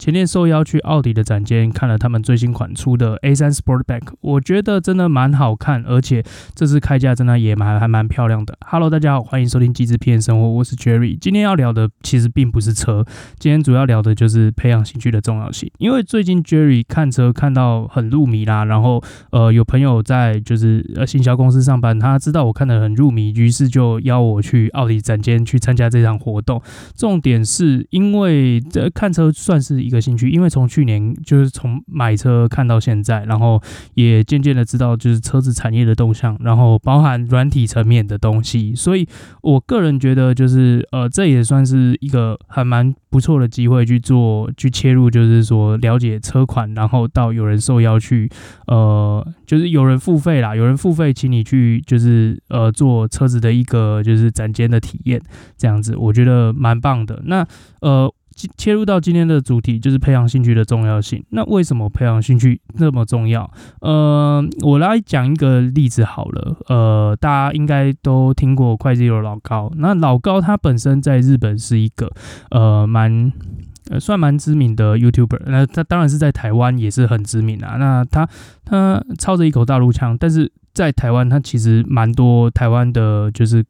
前天受邀去奧迪的展間看了他們最新款出的 A3 Sportback，我覺得真的蠻好看，而且這次開價真的也蠻還蠻漂亮的。Hello，大家好，歡迎收聽《機智片生活》，我是 Jerry。今天要聊的其實並不是車，今天主要聊的就是培養興趣的重要性。因為最近 Jerry 看車看到很入迷啦，然後呃有朋友在就是呃行銷公司上班，他知道我看得很入迷，於是就邀我去奧迪展間去參加這場活動。重點是因為這、呃、看車算是。一個興趣，因為從去年就是從買車看到現在，然後也漸漸的知道就是車子產業的動向，然後包含軟體層面的東西，所以我個人覺得就是呃，這也算是一個還蠻不錯的機會去做去切入，就是說了解車款，然後到有人受邀去，呃，就是有人付費啦，有人付費請你去，就是呃，做車子的一個就是展間的體驗，這樣子我覺得蠻棒的。那呃。切入到今天的主題，就是培養興趣的重要性。那為什麼培養興趣那麼重要？呃，我來講一個例子好了。呃，大家應該都聽過會計有老高。那老高他本身在日本是一個呃蠻算蠻知名的 YouTuber。那他當然是在台灣也是很知名啊。那他他操着一口大陸腔，但是在台灣他其實蠻多台灣的就是。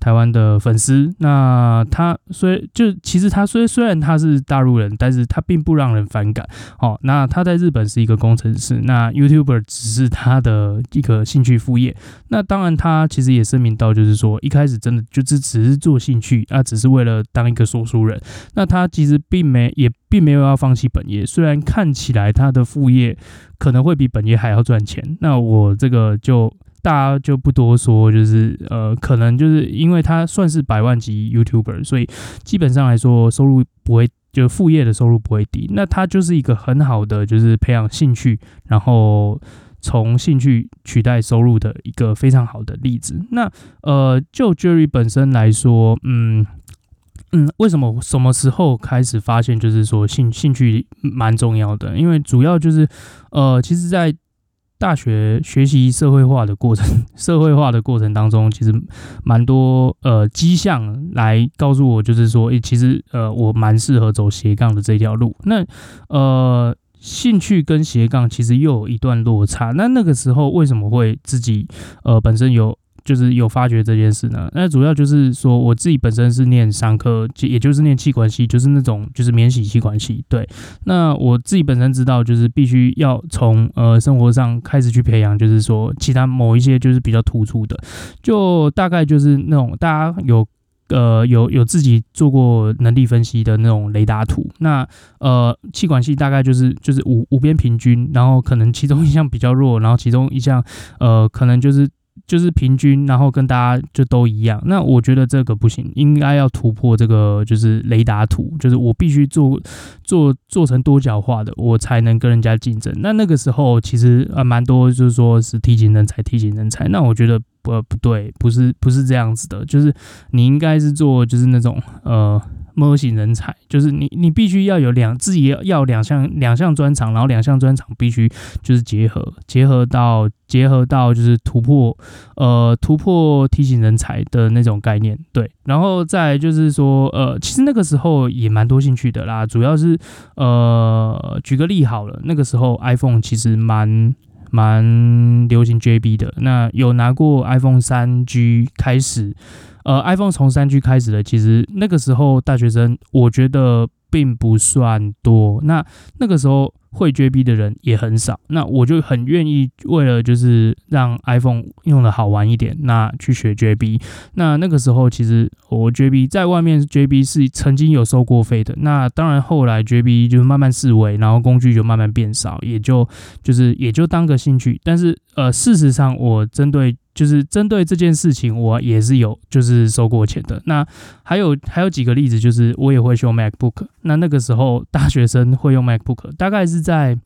台灣的粉絲，那他雖就其實他雖雖然他是大陸人，但是他並不讓人反感。哦，那他在日本是一個工程師，那 YouTuber 只是他的一個興趣副業。那當然，他其實也聲明到，就是說一開始真的就只只是做興趣，啊，只是為了當一個說書人。那他其實並沒也並沒有要放棄本業，雖然看起來他的副業可能會比本業還要賺錢。那我這個就。大家就不多說，就是呃，可能就是因為他算是百萬級 YouTuber，所以基本上來說收入不會，就副業的收入不會低。那他就是一個很好的，就是培養興趣，然後從興趣取代收入的一個非常好的例子。那呃，就 Jerry 本身來說，嗯嗯，為什麼什麼時候開始發現就是說興興趣蠻重要的？因為主要就是呃，其實在。大學學習社會化的過程，社會化的過程當中，其實蠻多呃跡象來告訴我，就是說，誒、欸，其實呃我蠻適合走斜槓的這條路。那呃，興趣跟斜槓其實又有一段落差。那那個時候為什麼會自己呃本身有？就是有發掘這件事呢，那主要就是說我自己本身是念商科，就也就是念企管系，就是那種就是免洗企管系。對，那我自己本身知道，就是必須要從呃生活上開始去培養，就是說其他某一些就是比較突出的，就大概就是那種大家有呃有有自己做過能力分析的那種雷達圖，那呃企管系大概就是就是五五邊平均，然後可能其中一項比較弱，然後其中一項呃可能就是。就是平均，然後跟大家就都一樣。那我覺得這個不行，應該要突破這個，就是雷達圖，就是我必須做做做成多角化的，我才能跟人家競爭。那那個時候其實啊蠻多，就是說是 T 型人才，T 型人才。那我覺得不不對，不是不是這樣子的，就是你應該是做就是那種呃。模型人才就是你，你必須要有兩自己要兩項兩項專長，然後兩項專長必須就是結合，結合到結合到就是突破，呃，突破 T 型人才的那種概念。對，然後再就是說，呃，其實那個時候也蠻多興趣的啦，主要是呃，舉個例好了，那個時候 iPhone 其實蠻。蠻流行 JB 的，那有拿過 iPhone 3G 開始，呃，iPhone 從 3G 開始的，其實那個時候大學生，我覺得。並不算多，那那個時候會 JB 的人也很少，那我就很願意為了就是讓 iPhone 用的好玩一點，那去學 JB。那那個時候其實我 JB 在外面 JB 是曾經有收過費的，那當然後來 JB 就慢慢式微，然後工具就慢慢變少，也就就是也就當個興趣。但是呃，事實上我針對。就是針對這件事情，我也是有就是收過錢的。那還有還有幾個例子，就是我也會用 MacBook。那那個時候大學生會用 MacBook，大概是在。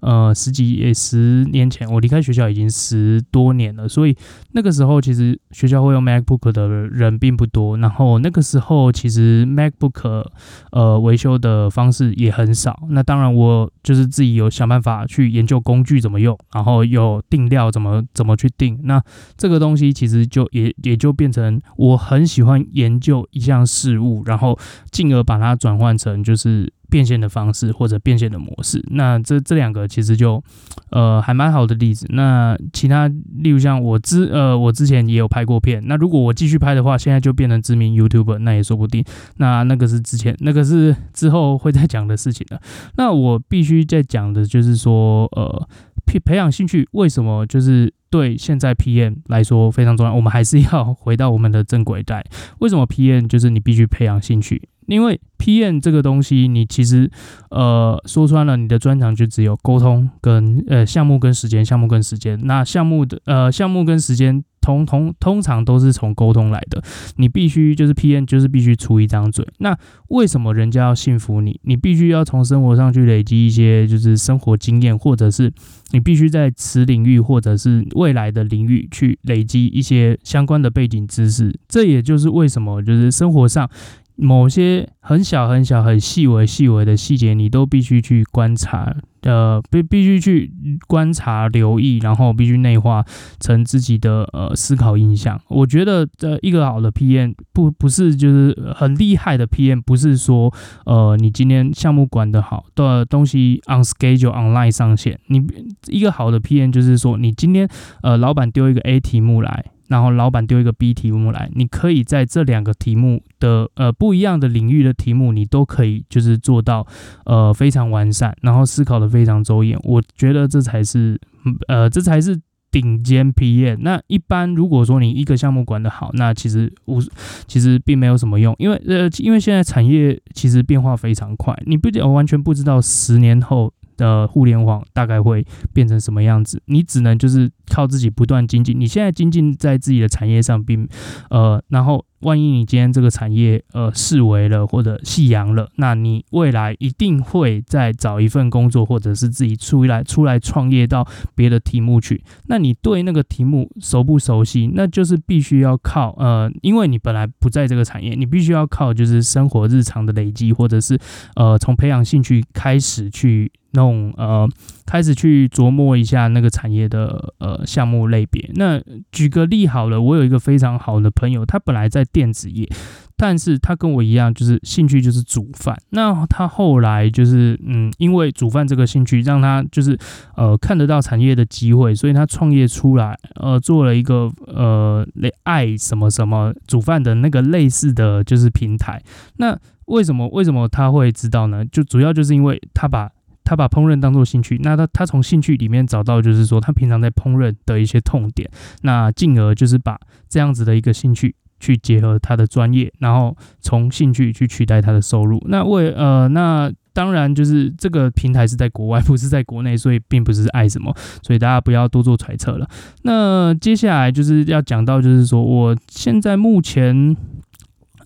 呃，十幾也十年前，我離開學校已經十多年了，所以那個時候其實學校會用 MacBook 的人並不多。然後那個時候其實 MacBook 呃維修的方式也很少。那當然，我就是自己有想辦法去研究工具怎麼用，然後有定料怎麼怎麼去定。那這個東西其實就也也就變成我很喜歡研究一項事物，然後進而把它轉換成就是。變現的方式或者變現的模式，那這這兩個其實就呃還蠻好的例子。那其他，例如像我之呃我之前也有拍過片，那如果我繼續拍的話，現在就變成知名 YouTuber，那也說不定。那那個是之前那個是之後會再講的事情了。那我必須再講的就是說，呃，培培養興趣為什麼就是對現在 PM 來說非常重要？我們還是要回到我們的正軌帶。為什麼 PM 就是你必須培養興趣？因為 PM 這個東西，你其實，呃，說穿了，你的專長就只有溝通跟呃項目跟時間，項目跟時間。那項目的呃項目跟時間，通通通常都是從溝通來的。你必須就是 PM 就是必須出一張嘴。那為什麼人家要信服你？你必須要從生活上去累積一些就是生活經驗，或者是你必須在此領域或者是未來的領域去累積一些相關的背景知識。這也就是為什麼就是生活上。某些很小很小，很細微細微的細節，你都必須去觀察，呃，必必須去觀察、留意，然後必須內化成自己的呃思考印象。我覺得，呃，一個好的 PM 不不是就是很厲害的 PM 不是說呃你今天項目管得好，的東西 on schedule online 上線。你一個好的 PM 就是說，你今天呃老板丟一個 A 題目來。然後老闆丟一個 B 題目來，你可以在這兩個題目的呃不一樣的領域的題目，你都可以就是做到呃非常完善，然後思考的非常周延。我覺得這才是呃這才是頂尖 PM。那一般如果說你一個項目管得好，那其實無其實並沒有什麼用，因為呃因為現在產業其實變化非常快，你不僅、呃、完全不知道十年後的互聯網大概會變成什麼樣子，你只能就是。靠自己不斷精進。你現在精進在自己的產業上，並呃，然後萬一你今天這個產業呃式微了或者夕陽了，那你未來一定會再找一份工作，或者是自己出來出來創業到別的題目去。那你對那個題目熟不熟悉？那就是必須要靠呃，因為你本來不在這個產業，你必須要靠就是生活日常的累積，或者是呃從培養興趣開始去弄呃，開始去琢磨一下那個產業的呃。項目類別，那舉個例好了，我有一個非常好的朋友，他本來在電子業，但是他跟我一樣，就是興趣就是煮飯。那他後來就是，嗯，因為煮飯這個興趣讓他就是，呃，看得到產業的機會，所以他創業出來，呃，做了一個呃愛什麼什麼煮飯的那個類似的就是平台。那為什麼為什麼他會知道呢？就主要就是因為他把。他把烹飪當做興趣，那他他從興趣裡面找到就是說他平常在烹飪的一些痛點，那進而就是把這樣子的一個興趣去結合他的專業，然後從興趣去取代他的收入。那為呃，那當然就是這個平台是在國外，不是在國內，所以並不是愛什麼，所以大家不要多做揣測了。那接下來就是要講到就是說我現在目前。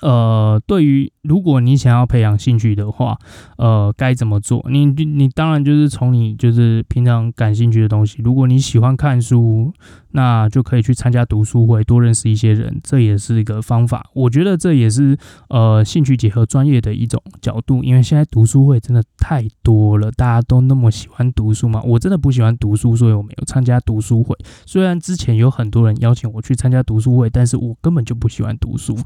呃，對於如果你想要培養興趣的話，呃，該怎麼做？你你當然就是從你就是平常感興趣的東西，如果你喜歡看書。那就可以去參加讀書會，多認識一些人，這也是一個方法。我覺得這也是呃興趣結合專業的一種角度，因為現在讀書會真的太多了，大家都那麼喜歡讀書嘛。我真的不喜歡讀書，所以我沒有參加讀書會。雖然之前有很多人邀請我去參加讀書會，但是我根本就不喜歡讀書，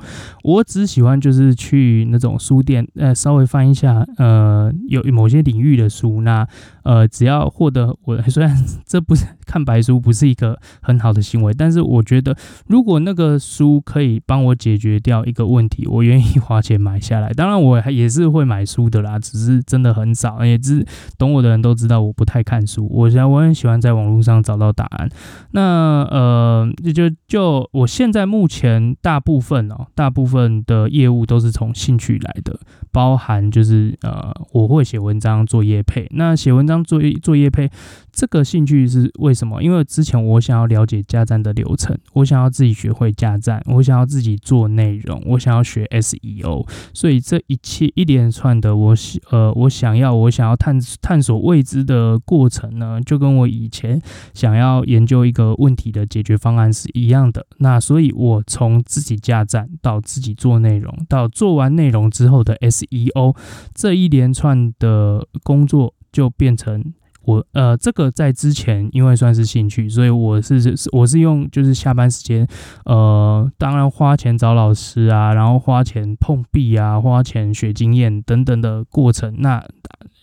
我只喜歡就是去那種書店，呃，稍微翻一下，呃，有某些領域的書。那，呃，只要獲得我，雖然這不是。看白書不是一個很好的行為，但是我覺得如果那個書可以幫我解決掉一個問題，我願意花錢買下來。當然，我也是會買書的啦，只是真的很少，也是懂我的人都知道我不太看書。我想我很喜歡在網絡上找到答案。那呃，就就我現在目前大部分哦，大部分的業務都是從興趣來的，包含就是呃，我會寫文章做業配。那寫文章做做業配這個興趣是為什麼？什麼？因為之前我想要了解架站的流程，我想要自己學會架站，我想要自己做內容，我想要學 SEO，所以這一切一連串的我，呃，我想要我想要探探索未知的過程呢，就跟我以前想要研究一個問題的解決方案是一樣的。那所以，我從自己架站到自己做內容，到做完內容之後的 SEO，這一連串的工作就變成。我呃，這個在之前因為算是興趣，所以我是是我是用就是下班時間，呃，當然花錢找老師啊，然後花錢碰壁啊，花錢學經驗等等的過程。那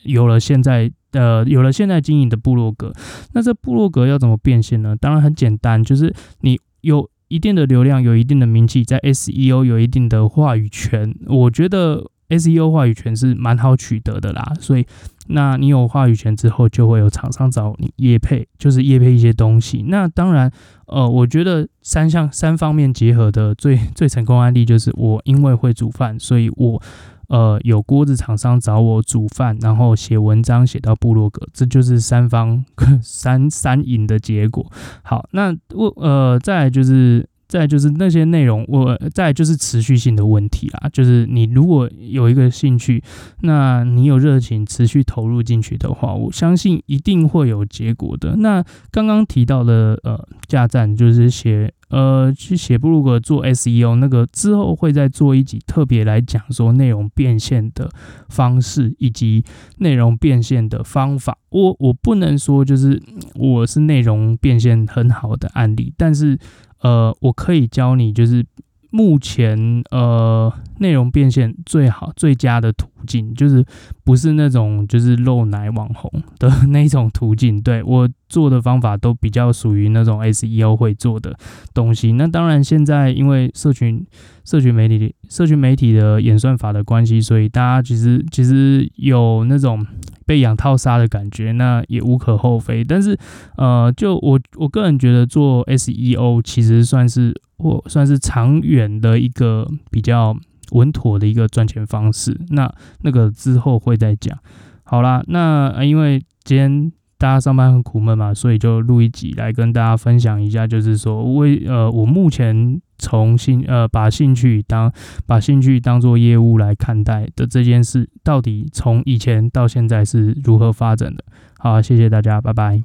有了現在呃，有了現在經營的部落格，那這部落格要怎麼變現呢？當然很簡單，就是你有一定的流量，有一定的名氣，在 SEO 有一定的話語權，我覺得。SEO 話語權是蠻好取得的啦，所以那你有話語權之後，就會有廠商找你業配，就是業配一些東西。那當然，呃，我覺得三項三方面結合的最最成功案例，就是我因為會煮飯，所以我呃有鍋子廠商找我煮飯，然後寫文章寫到部落格，這就是三方三三贏的結果。好，那我呃再來就是。再就是那些內容，我再就是持續性的問題啦。就是你如果有一個興趣，那你有熱情持續投入進去的話，我相信一定會有結果的。那剛剛提到的呃，架站就是寫呃去寫部落格做 SEO 那個之後，會再做一集特別來講說內容變現的方式以及內容變現的方法。我我不能說就是我是內容變現很好的案例，但是。呃，我可以教你，就是目前呃。內容變現最好最佳的途徑就是，不是那種就是露奶網紅的那種途徑，對，我做的方法都比較屬於那種 SEO 會做的東西。那當然，現在因為社群、社群媒體、社群媒體的演算法的關係，所以大家其實其實有那種被養套殺的感覺，那也無可厚非。但是，呃，就我我個人覺得做 SEO 其實算是或、喔、算是長遠的一個比較。穩妥的一個賺錢方式，那那個之後會再講。好啦，那因為今天大家上班很苦悶嘛，所以就錄一集來跟大家分享一下，就是說為呃我目前從興呃把興趣當把興趣當做業務來看待的這件事，到底從以前到現在是如何發展的。好，謝謝大家，拜拜。